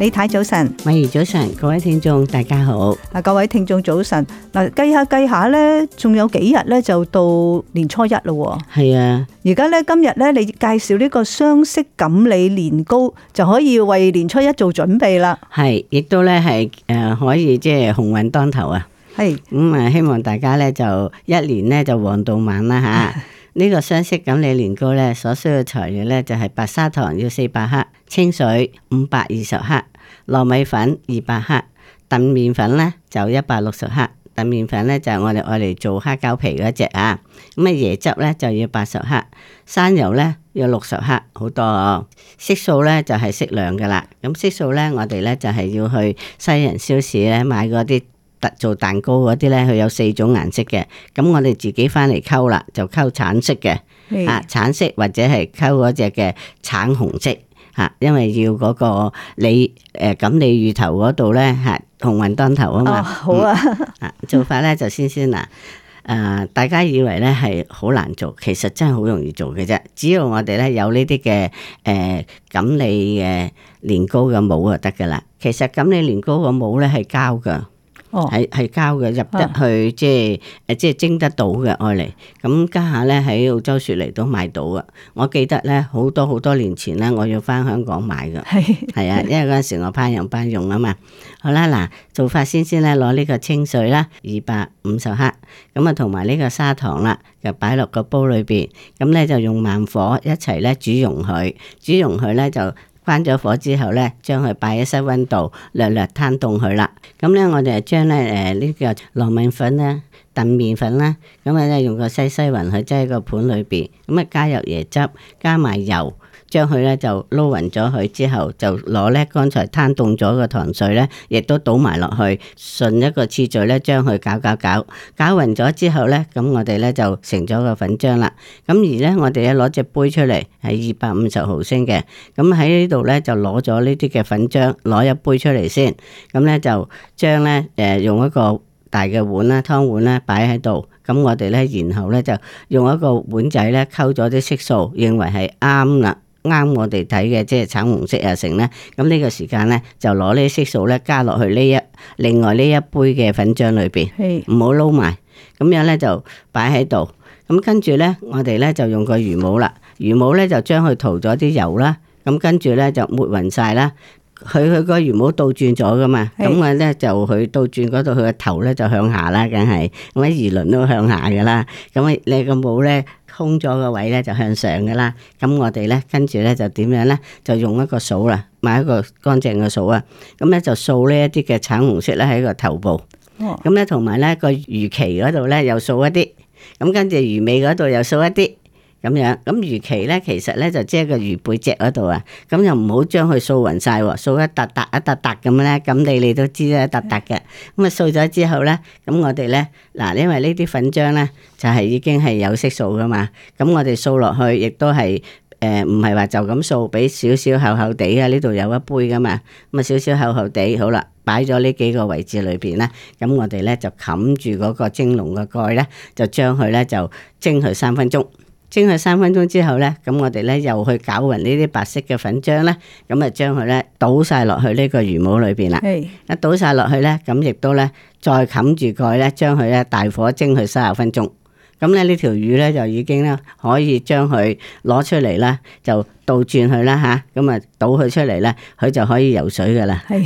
李太早晨，文怡早晨，各位聽眾大家好。啊，各位聽眾早晨。嗱，計下計下咧，仲有幾日咧就到年初一咯。係啊，而家咧今日咧，你介紹呢個雙色錦鯉年糕就可以為年初一做準備啦。係，亦都咧係誒，可以即係鴻運當頭啊。係是，咁啊、嗯，希望大家咧就一年咧就旺到晚啦吓。 個呢個雙色錦鯉年糕咧，所需嘅材料咧就係、是、白砂糖要四百克，清水五百二十克，糯米粉二百克，燉麵粉咧就一百六十克，燉麵粉咧就係、是、我哋愛嚟做黑膠皮嗰隻啊。咁啊椰汁咧就要八十克，山油咧要六十克，好多哦。色素咧就係、是、適量噶啦。咁色素咧我哋咧就係、是、要去西人超市咧買嗰啲。做蛋糕嗰啲呢，佢有四種顏色嘅。咁我哋自己翻嚟溝啦，就溝橙色嘅是啊，橙色或者係溝嗰隻嘅橙紅色啊，因為要嗰個你誒錦鯉魚頭嗰度呢，吓、啊，鴻運當頭、哦嗯、啊嘛。好啊， 啊。做法呢就先先啦。誒、啊，大家以為呢係好難做，其實真係好容易做嘅啫。只要我哋呢有呢啲嘅誒錦鯉嘅年糕嘅模就得噶啦。其實錦鯉年糕個模呢係膠噶。係係膠嘅入得去，即係誒，即係蒸得到嘅愛嚟。咁家下咧喺澳洲雪梨都買到啊！我記得咧好多好多年前咧，我要翻香港買㗎。係係 啊，因為嗰陣時我攀人班用啊嘛。好啦，嗱，做法先先咧，攞呢個清水啦，二百五十克，咁啊同埋呢個砂糖啦，就擺落個煲裏邊，咁咧就用慢火一齊咧煮溶佢，煮溶佢咧就。關咗火之後咧，將佢擺喺室溫度，略略攤凍佢啦。咁咧，我哋將咧誒呢、呃這個糯米粉咧、燉麵粉啦，咁咧用個細細匀去擠喺個盤裏邊。咁啊，加入椰汁，加埋油。將佢咧就撈勻咗佢之後，就攞咧剛才攤凍咗嘅糖水咧，亦都倒埋落去，順一個次序咧將佢攪攪攪，攪勻咗之後咧，咁我哋咧就成咗個粉漿啦。咁而咧我哋咧攞隻杯出嚟，係二百五十毫升嘅。咁喺呢度咧就攞咗呢啲嘅粉漿，攞一杯出嚟先。咁咧就將咧誒用一個大嘅碗啦，湯碗咧擺喺度。咁我哋咧然後咧就用一個碗仔咧溝咗啲色素，認為係啱啦。啱我哋睇嘅，即係橙紅色啊成咧，咁呢個時間咧就攞呢啲色素咧加落去呢一另外呢一杯嘅粉漿裏邊，唔好撈埋，咁樣咧就擺喺度。咁跟住咧，我哋咧就用個魚帽啦，魚帽咧就將佢塗咗啲油啦，咁跟住咧就抹勻晒啦。佢佢個魚帽倒轉咗噶嘛，咁我咧就佢倒轉嗰度，佢個頭咧就向下啦，梗係我啲魚鱗都向下噶啦，咁、你、你個帽咧，通咗個位咧就向上噶啦，咁我哋咧跟住咧就點樣咧就用一個掃啦，買一個乾淨嘅掃啊，咁咧就掃呢一啲嘅橙紅色咧喺個頭部，咁咧同埋咧個魚鰭嗰度咧又掃一啲，咁跟住魚尾嗰度又掃一啲。咁樣，咁魚皮咧，其實咧就即係個魚背脊嗰度啊。咁又唔好將佢掃勻晒，掃一笪笪一笪笪咁咧。咁你你都知一笪笪嘅咁啊，掃咗之後咧，咁我哋咧嗱，因為呢啲粉漿咧就係已經係有色素噶嘛，咁我哋掃落去亦都係誒唔係話就咁掃，俾少少厚厚地啊。呢度有一杯噶嘛，咁啊少少厚厚地好啦，擺咗呢幾個位置裏邊啦。咁我哋咧就冚住嗰個蒸籠嘅蓋咧，就將佢咧就蒸佢三分鐘。蒸佢三分鐘之後咧，咁我哋咧又去攪勻呢啲白色嘅粉漿咧，咁啊將佢咧倒晒落去呢個魚帽裏邊啦。一是倒晒落去咧，咁亦都咧再冚住蓋咧，將佢咧大火蒸佢三十分鐘。咁咧呢條魚咧就已經咧可以將佢攞出嚟咧就。倒轉佢啦吓，咁啊倒佢出嚟咧，佢就可以游水噶啦。係，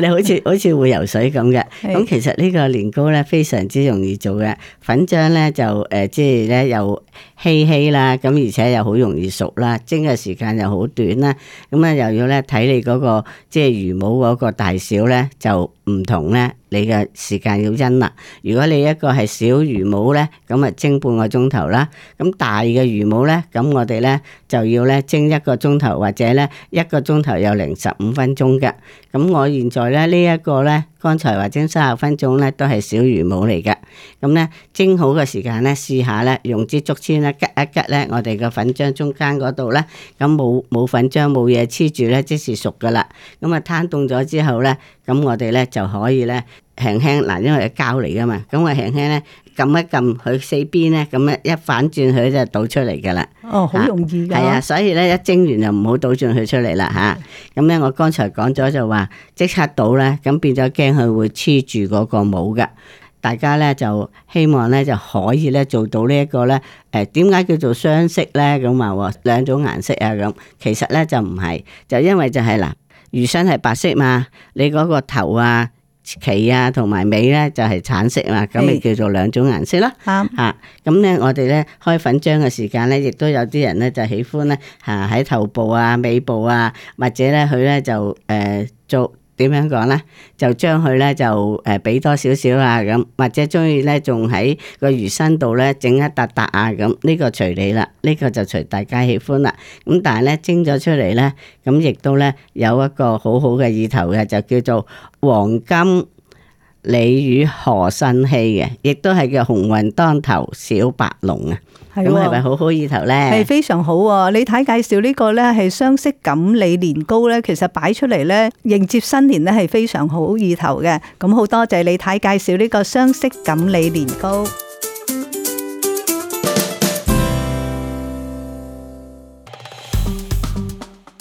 你好似好似會游水咁嘅。咁其實呢個年糕咧非常之容易做嘅，粉漿咧就誒即係咧又稀稀啦，咁而且又好容易熟啦，蒸嘅時間又好短啦。咁咧又要咧睇你嗰個即係魚模嗰個大小咧就唔同咧，你嘅時間要因啦。如果你一個係小魚模咧，咁啊蒸半個鐘頭啦。咁大嘅魚模咧，咁我哋咧就要。要咧蒸一個鐘頭或者咧一個鐘頭有零十五分鐘嘅，咁我現在咧呢一個咧剛才話蒸三十分鐘咧都係小魚冇嚟嘅，咁咧蒸好嘅時間咧試下咧用支竹簽咧吉一吉咧我哋個粉漿中間嗰度咧，咁冇冇粉漿冇嘢黐住咧即是熟噶啦，咁啊攤凍咗之後咧，咁我哋咧就可以咧輕輕嗱，因為係膠嚟噶嘛，咁我輕輕咧。撳一撳佢四邊咧，咁咧一反轉佢就倒出嚟噶啦。哦，好容易噶。係啊，啊，所以咧一蒸完就唔好倒轉佢出嚟啦吓。咁、啊、咧我剛才講咗就話即刻倒咧，咁變咗驚佢會黐住嗰個帽噶。大家咧就希望咧就可以咧做到呢、這、一個咧。誒，點解叫做雙色咧咁話？兩種顏色啊咁。其實咧就唔係，就因為就係、是、嗱，魚身係白色嘛，你嗰個頭啊。鰭啊，同埋尾咧就係橙色啊，咁咪叫做兩種顏色啦。啱，吓咁咧， 嗯、我哋咧開粉漿嘅時間咧，亦都有啲人咧就喜歡咧吓喺頭部啊、尾部啊，或者咧佢咧就誒、呃、做。點樣講呢？就將佢咧就誒俾、呃、多少少啊咁，或者中意呢，仲喺個魚身度呢整一笪笪啊咁，呢、呢個隨你啦，呢、呢個就隨大家喜歡啦。咁但係呢，蒸咗出嚟呢，咁亦都呢，有一個好好嘅意頭嘅，就叫做黃金。鯉魚何新希嘅，亦都係叫鴻運當頭小白龍啊，咁係咪好好意頭呢？係非常好，啊，李太介紹呢個呢係雙色錦鯉年糕呢，其實擺出嚟呢，迎接新年呢係非常好意頭嘅，咁好多謝李太介紹呢個雙色錦鯉年糕。